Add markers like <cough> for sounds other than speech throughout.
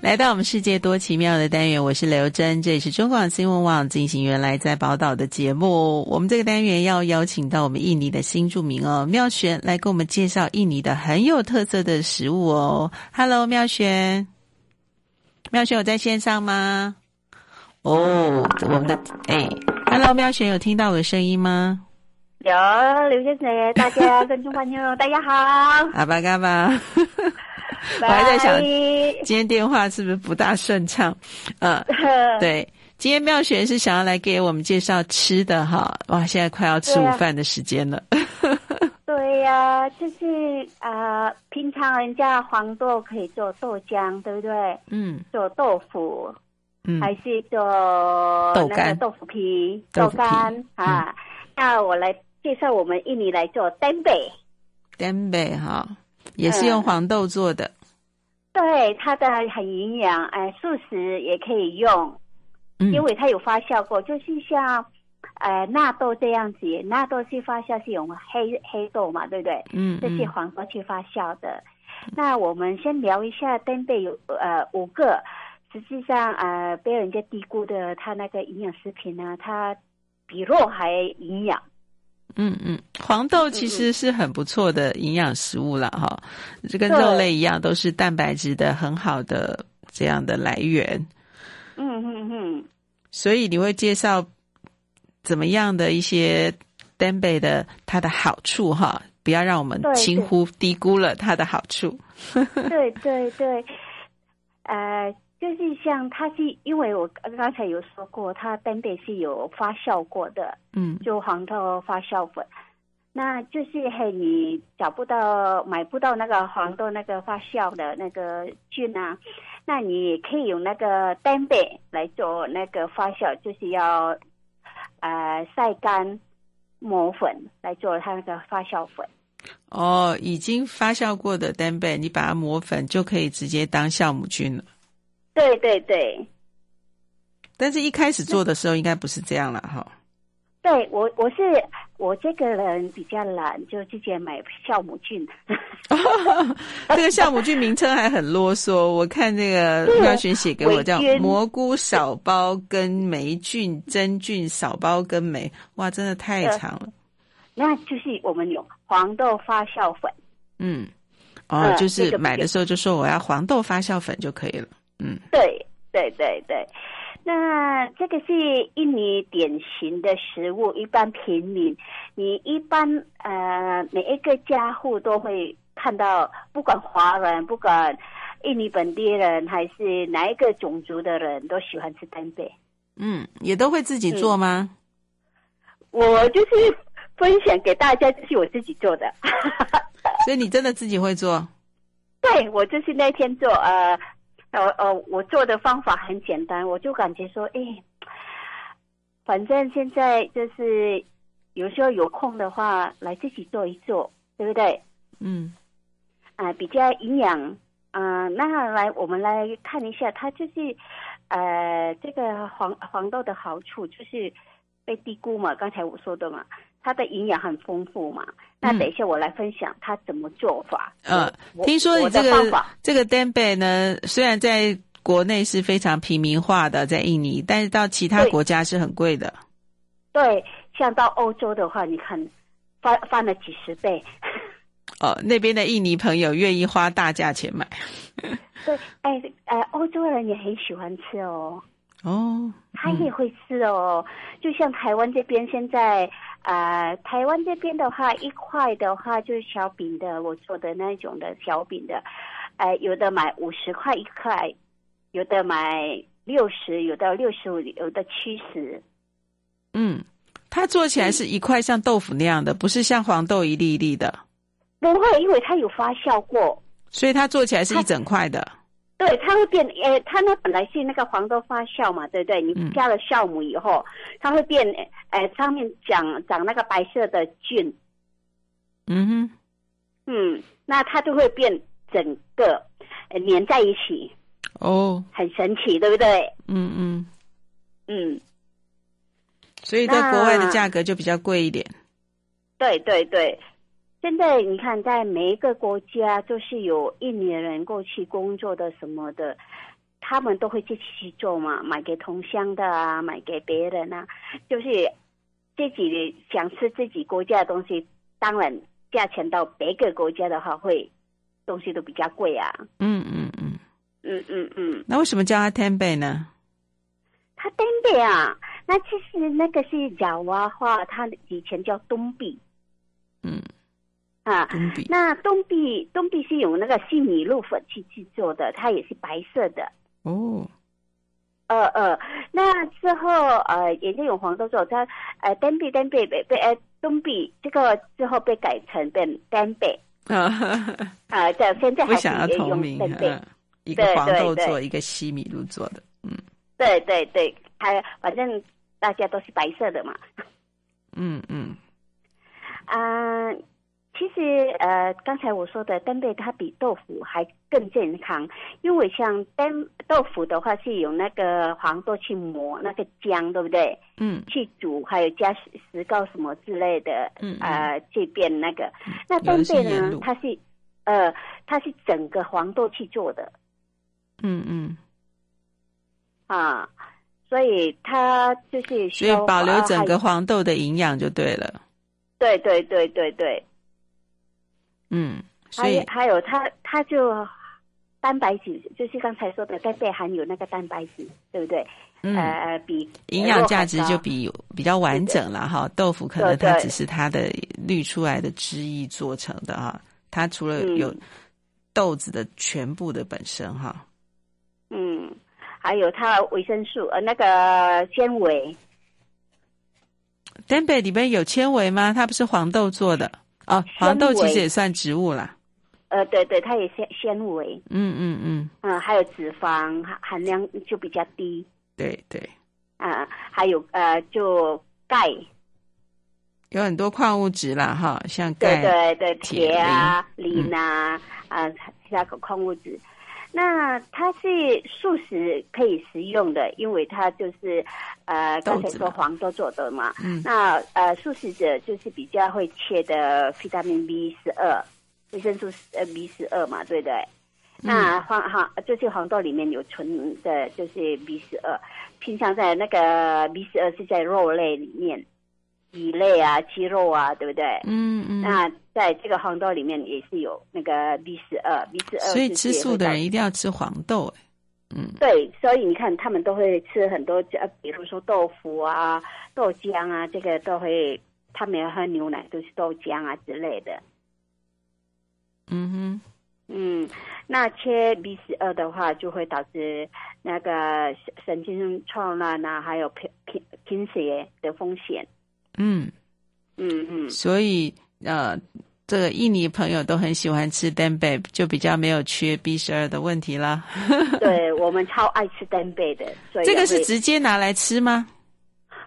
來到我們世界多奇妙的單元，我是劉珍，這也是中廣新聞網進行原來在寶島的節目。我們這個單元要邀請到我們印尼的新住民哦，妙旋來給我們介紹印尼的很有特色的食物哦。Hello，妙旋，妙旋，有在線上嗎？哦、oh，我們的哎，Hello，妙旋，有聽到我的聲音嗎？有，劉先生，大家觀眾朋友 <laughs> 大家好，阿巴阿媽。 <laughs> Bye 我還在想，今天電話是不是不大順暢？嗯、呃， <laughs> 對，今天妙旋是想要來給我們介紹吃的哈，哇，現在快要吃午飯的時間了。對呀、啊啊，就是啊、呃，平常人家黃豆可以做豆漿，對不對？嗯，做豆腐，嗯、還是做豆腐皮、豆乾啊？嗯、那我來介紹我們印尼來做天貝天貝哈。也是用黃豆做的、嗯，對，它的很營養，哎、呃，素食也可以用，嗯、因為它有發酵過，就是像，呃納豆這樣子，納豆去發酵是，是用黑黑豆嘛，對不對？嗯，嗯，這些黃豆去發酵的。那我們先聊一下，天貝有呃五個，實際上呃被人家低估的，它那個營養食品呢，它比肉還營養。嗯嗯，黃豆其實是很不錯的營養食物了哈，這、嗯、跟肉類一樣，對都是蛋白質的很好的這樣的來源。嗯嗯嗯，嗯嗯所以你會介紹怎麼樣的一些天貝的它的好處、嗯、哈，不要讓我們輕忽低估了它的好處。對對對，呃。就是像它是因為我剛才有說過，它天貝是有發酵過的，嗯，就黃豆發酵粉。嗯、那就是嘿，你找不到買不到那個黃豆那個發酵的那個菌啊，嗯、那你可以用那個天貝來做那個發酵，就是要呃曬乾磨粉來做它那個發酵粉。哦，已經發酵過的天貝，你把它磨粉就可以直接當酵母菌了。對對對，但是，一開始做的時候應該不是這樣了哈。那好對我我是我這個人比較懶，就直接買酵母菌、 <laughs> 哦。這個酵母菌名稱還很囉嗦， <laughs> 我看那個妙旋、嗯、寫給我叫蘑菇少孢根霉菌真菌少孢根霉，哇，真的太長了、呃。那就是我們有黃豆發酵粉。嗯，哦，就是買的時候就說我要黃豆發酵粉就可以了。嗯嗯，對對對對，那這個是印尼典型的食物，一般平民，你一般呃每一個家戶都會看到，不管華人，不管印尼本地人，還是哪一個種族的人，都喜歡吃天貝。嗯，也都會自己做嗎？嗯、我就是分享給大家，就是我自己做的。 <laughs> 所以你真的自己會做？對，我就是那天做呃。哦哦，我做的方法很簡單，我就感覺說，哎，反正現在就是有時候有空的話，來自己做一做，對不對？嗯，啊、呃，比較營養啊、呃。那來，我們來看一下，它就是呃，這個黃黃豆的好處就是被低估嘛，剛才我說的嘛。它的營養很豐富嘛，那等一下我來分享它怎麼做法。呃、嗯，聽說你這個的方法這個天貝呢，雖然在國內是非常平民化的，在印尼，但是到其他國家是很貴的對。對，像到歐洲的話，你看，翻翻了幾十倍。 <laughs> 哦，那邊的印尼朋友願意花大價錢買。 <laughs> 對，哎哎，歐洲人也很喜歡吃哦。哦，嗯、他也會吃哦。就像台灣這邊現在，啊、呃、台灣這邊的話，一塊的話就是小餅的，我做的那種的小餅的，呃，有的買五十塊一塊，有的買六十，有的六十五，有的七十。嗯，它做起來是一塊像豆腐那樣的，不是像黃豆一粒一粒的。不會，因為它有發酵過，所以它做起來是一整塊的。對，它會變。誒，它那本來是那個黃豆發酵嘛，對不對？你加了酵母以後，它會變。誒，上面長長那個白色的菌。嗯哼。嗯，那它就會變整個，粘在一起。哦。很神奇，對不對？嗯嗯嗯。嗯，所以在國外的價格就比較貴一點。對對對。現在你看，在每一個國家就是有印尼人過去工作的什麼的，他們都會自己去做嘛，買給同鄉的啊，買給別人啊，就是自己想吃自己國家的東西，當然價錢到別個國家的話會，會東西都比較貴啊。嗯嗯嗯，嗯嗯嗯。那為什麼叫它天貝呢？它天貝啊，那其實那個是爪哇話，它以前叫東幣。嗯。啊，東比。那東壁東壁是用那個西米露粉去製作的，它也是白色的。哦，呃呃，那之後呃人家用黃豆做它，呃單壁單壁被被哎東壁這個最後被改成單單壁啊啊，這現在還是用不想要同名一個黃豆做一個西米露做的，嗯，對對對，還反正大家都是白色的嘛，嗯嗯，啊。其實，呃，剛才我說的，天貝它比豆腐還更健康，因為像豆豆腐的話是有那個黃豆去磨那個漿，對不對？嗯。去煮，還有加石膏什麼之類的。呃、嗯。啊，這邊那個，嗯、那天貝呢？它是，呃，它是整個黃豆去做的。嗯嗯。嗯啊，所以它就是，所以保留整個黃豆的營養就對了。啊、對對對對對。嗯，所以還有它，它就蛋白質，就是剛才說的，天貝含有那個蛋白質，對不對？嗯、呃，比營養價值就比比較完整了對哈。豆腐可能它只是它的對對濾出來的汁液做成的哈，它除了有豆子的、嗯、全部的本身哈。嗯，還有它維生素呃那個纖維，天貝裡面有纖維嗎？它不是黃豆做的。啊、哦，黃豆其實也算植物了，呃，對對，它也纖纖維，嗯嗯嗯，嗯，嗯、呃，還有脂肪含含量就比較低，對對，啊、呃，還有呃，就鈣，有很多礦物質啦。哈，像鈣、對對，對鐵啊、磷啊、嗯、啊，其他個礦物質。那它是素食可以食用的，因為它就是，呃，剛才說黃豆做的嘛。嗯。那呃，素食者就是比較會缺的，維他命 B 十二，維生素呃 B 十二嘛，對不對？嗯。那黃哈就是黃豆裡面有存的就是 B 十二，平常在那個 B 十二是在肉類裡面。魚類啊，雞肉啊，對不對？嗯嗯。嗯那在這個黃豆裡面也是有那個 B 十二，B 十二。所以吃素的人一定要吃黃豆。嗯。對，所以你看他們都會吃很多，呃，比如說豆腐啊、豆漿啊，這個都會。他們喝牛奶都是豆漿啊之類的。嗯哼。嗯，那缺 B 十二的話，就會導致那個神經錯亂啊，還有貧貧貧血的風險。嗯嗯嗯，嗯嗯所以呃，這個印尼朋友都很喜歡吃天貝，就比較沒有缺 B 十二的問題啦。 <laughs> 對，我們超愛吃天貝的。所以有，有這個是直接拿來吃嗎？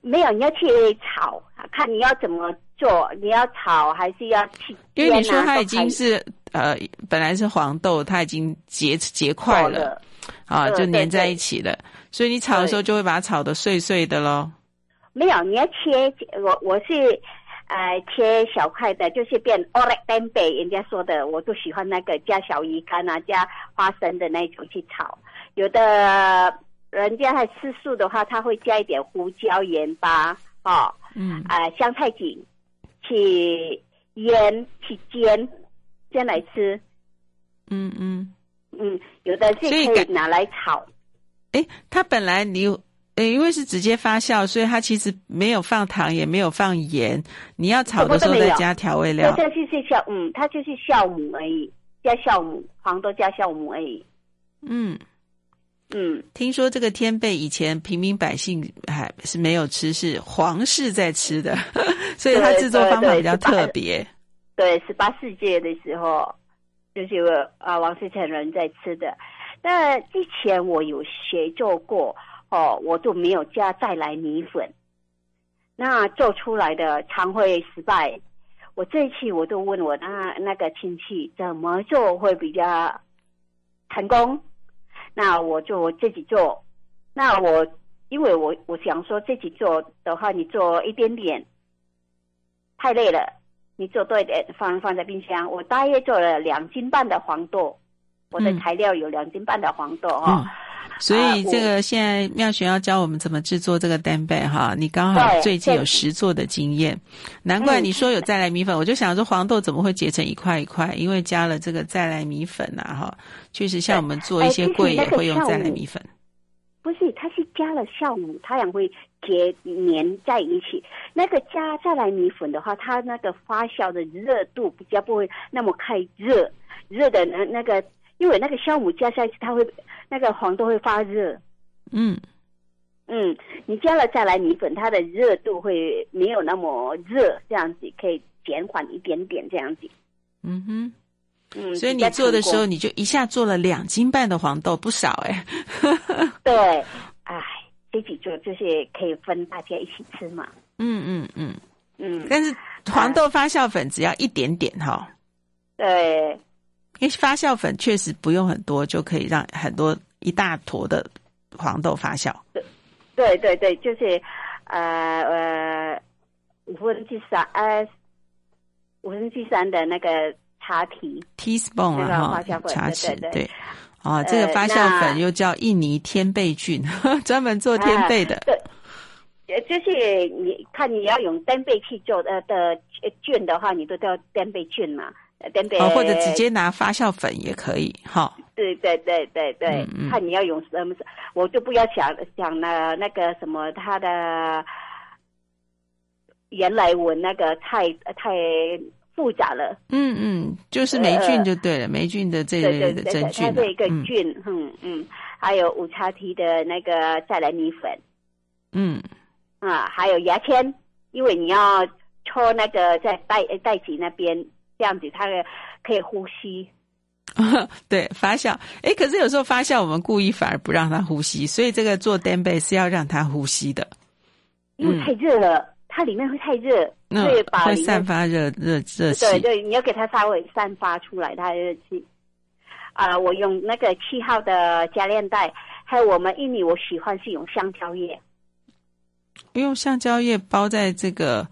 沒有，你要去炒，看你要怎麼做，你要炒還是要去、啊？因為你說它已經是呃，本來是黃豆，它已經結結塊了，啊了，好就黏在一起了，所以你炒的時候就會把它炒得碎碎的嘍。沒有，你要切我，我是，呃，切小塊的，就是變 orek tempe，人家說的，我都喜歡那個加小魚乾啊，加花生的那種去炒。有的人家還吃素的話，他會加一點胡椒鹽巴，哦，嗯，啊、呃，香菜籽去醃去煎，先來吃。嗯嗯嗯，有的是可以拿來炒。哎，他本來你。因為是直接發酵，所以它其實沒有放糖，也沒有放鹽。你要炒的時候再加調味料。對、哦，就是酵，嗯，它就是酵母而已，加酵母，黃豆加酵母而已。嗯嗯，嗯，聽說這個天貝以前平民百姓還是沒有吃，是皇室在吃的， <laughs> 所以它製作方法比較特別。對，十八世紀的時候就是有啊，王室成員在吃的。那之前我有學做過。哦，我都沒有加再來米粉，那做出來的常會失敗。我這一次我都問我那那個親戚怎麼做會比較成功？那我就自己做。那我因為我我想說自己做的話，你做一點點太累了，你做多一點放放在冰箱。我大約做了兩斤半的黃豆，我的材料有兩斤半的黃豆啊。嗯哦所以這個現在妙旋要教我們怎麼制作這個天貝哈，你剛好最近有實做的經驗，難怪你說有再來米粉，我就想說黃豆怎麼會結成一塊一塊？因為加了這個再來米粉吶、啊、哈，確實像我們做一些粿也會用再來米粉、哎哎那個。不是，它是加了酵母，它也會結粘在一起。那個加再來米粉的話，它那個發酵的熱度比較不會那麼太熱，熱的那那個。因為那個酵母加下去，它會那個黃豆會發熱，嗯嗯，你加了在來米粉，它的熱度會沒有那麼熱，這樣子可以減緩一點點，這樣子，嗯哼，嗯，所以你做的時候，你，你就一下做了兩斤半的黃豆，不少哎，欸， <laughs> 對，哎，自己做就是可以分大家一起吃嘛，嗯嗯嗯嗯，嗯但是黃豆發酵粉只要一點點哈，啊哦，對。因為發酵粉確實不用很多，就可以讓很多一大坨的黃豆發酵。對對對就是呃呃五分之三呃五分之三的那個茶體 teaspoon 啊，發酵粉茶匙對。對對啊，這個發酵粉又叫印尼天貝菌，呃、專門做天貝的、啊。對，就是你看你要用單貝去做呃的菌的話，你都叫單貝菌嘛。等等、哦，或者直接拿發酵粉也可以，哈、哦。對對對對對，嗯嗯、看你要用什麼，我就不要想想。那那個什麼它的，原來我那個太太複雜了。嗯嗯，就是黴菌就對了，呃、黴菌的這個，類對對對對菌、啊。對一個菌，嗯嗯，嗯，還有五叉蹄的那個再來米粉。嗯，啊，還有牙籤，因為你要戳那個在袋袋子那邊。這樣子，它也可以呼吸呵呵。對，發酵。哎，可是有時候發酵，我們故意反而不讓它呼吸。所以這個做天貝是要讓它呼吸的，因為太熱了，嗯、它裡面會太熱，嗯、所以把。會散發熱熱熱氣。對對，你要給它發溫散發出來，它的熱氣。啊、呃，我用那個七號的夾鏈袋，還有我們印尼，我喜歡是用香蕉葉，用香蕉葉包在這個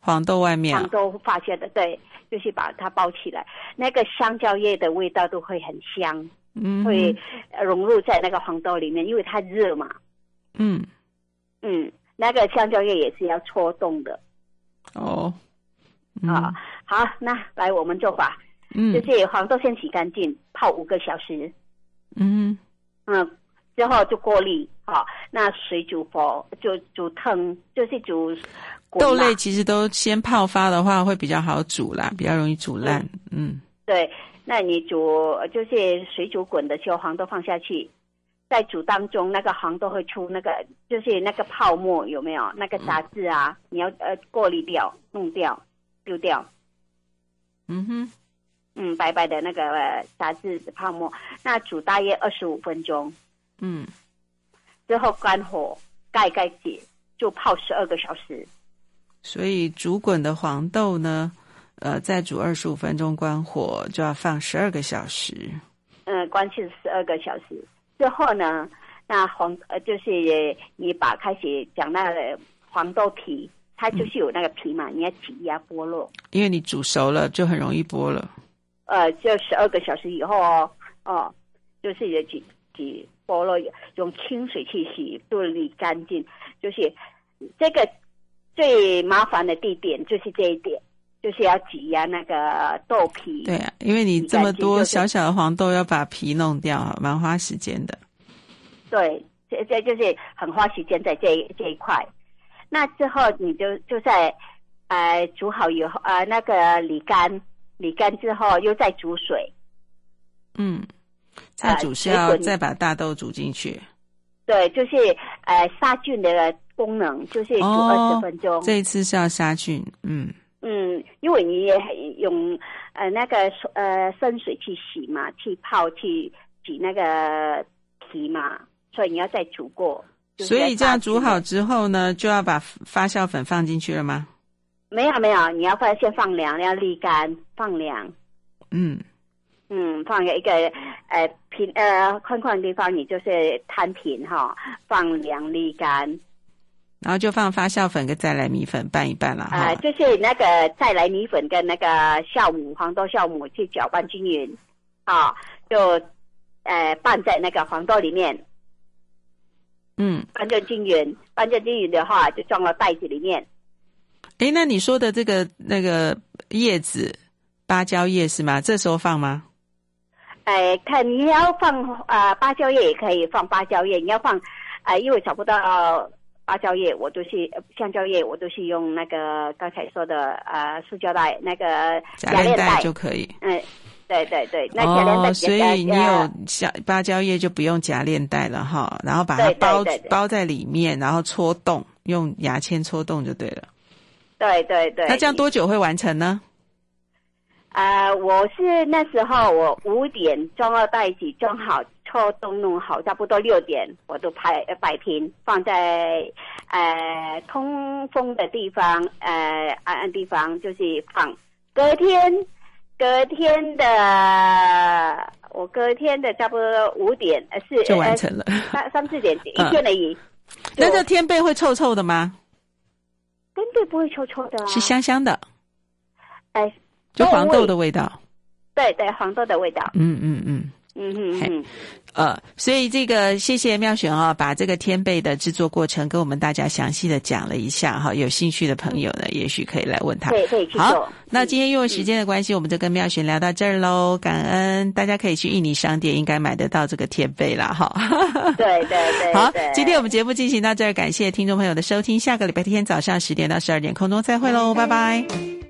黃豆外面、啊，黃豆發酵的，對。就是把它包起來，那個香蕉葉的味道都會很香，嗯、會融入在那個黃豆裡面，因為它熱嘛。嗯嗯，那個香蕉葉也是要搓動的。哦，啊、嗯哦、好，那來我們做法，嗯、就是黃豆先洗乾淨，泡五個小時。嗯嗯。嗯之後就過濾，好，那水煮沸就煮湯，就是煮豆類，其實都先泡發的話會比較好煮啦，比較容易煮爛。嗯，嗯對，那你煮就是水煮滾的時候，黃豆放下去，在煮當中，那個黃豆會出那個就是那個泡沫，有沒有那個雜質啊？嗯、你要呃過濾掉，弄掉，丟掉。嗯哼，嗯，白白的那個雜質泡沫，那煮大約二十五分鐘。嗯，之後關火，蓋蓋子，就泡十二個小時。所以煮滾的黃豆呢，呃，再煮二十五分鐘，關火就要放十二個小時。嗯，關氣是十二個小時。之後呢，那黃呃，就是你把開始講那個黃豆皮，它就是有那個皮嘛，你要擠壓剝落、嗯。因為你煮熟了就很容易剝了。呃，就十二個小時以後哦，哦，就是也擠擠。擠菠蘿用清水去洗，都理乾淨。就是這個最麻煩的地點，就是這一點，就是要擠壓那個豆皮。對啊，因為你這麼多小小的黃豆，要把皮弄掉，蠻花時間的。對，這這就是很花時間在這一這一塊。那之後你就就在呃煮好以後，呃那個瀝乾，瀝乾之後又再煮水。嗯。再煮，是要再把大豆煮進去，呃、對，就是呃殺菌的功能，就是煮二十分鐘。哦，這一次是要殺菌，嗯嗯，因為你也用呃那個呃生水去洗嘛，去泡去擠那個皮嘛，所以你要再煮過。就是、在，所以這樣煮好之後呢，就要把發酵粉放進去了嗎？沒有沒有，你要把它先放涼，要瀝乾放涼，嗯。嗯，放一個呃平呃寬寬的地方，你就是攤平哈、哦，放涼瀝乾，然後就放發酵粉跟再來米粉拌一拌了。啊、呃，就是那個再來米粉跟那個酵母、黃豆酵母去攪拌均勻，啊、哦，就呃拌在那個黃豆裡面，嗯，拌均勻，拌均勻的話就裝到袋子裡面。誒，那你說的這個那個葉子芭蕉葉是嗎？這時候放嗎？哎，看你要放啊、呃，芭蕉葉也可以放芭蕉葉。你要放，哎、呃，因為找不到芭蕉葉，我都是香蕉葉，葉我都是用那個剛才說的呃塑膠袋那個夾鏈袋就可以。嗯，對對對，那夾鏈袋、哦、所以你有像芭蕉葉就不用夾鏈袋了哈，然後把它包對對對對包在裡面，然後戳洞，用牙籤戳洞就對了。對對對。那這樣多久會完成呢？呃，我是那時候我五點裝了袋子，正好抽都弄好，差不多六點我都排、呃、擺平，放在呃通風的地方，呃，暗暗地方就是放。隔天，隔天的我隔天的差不多五點呃四，就完成了、呃、三三四點一天而已。那這、嗯、就天貝會臭臭的嗎？根本不會臭臭的、啊，是香香的。哎、呃。就黃豆的味道，對對，黃豆的味道，嗯嗯嗯，嗯嗯嗯哼哼，呃，所以這個謝謝妙旋啊、哦，把這個天貝的製作過程跟我們大家詳細的講了一下哈、哦，有興趣的朋友呢，嗯、也許可以來問他。對，可以去做。好，嗯、那今天因為時間的關係，嗯、我們就跟妙旋聊到這兒嘍，感恩大家可以去印尼商店應該買得到這個天貝了哈。呵呵對，對對對，好，今天我們節目進行到這兒，感謝聽眾朋友的收聽，下個禮拜天早上十點到十二點空中再會嘍，拜拜。拜拜。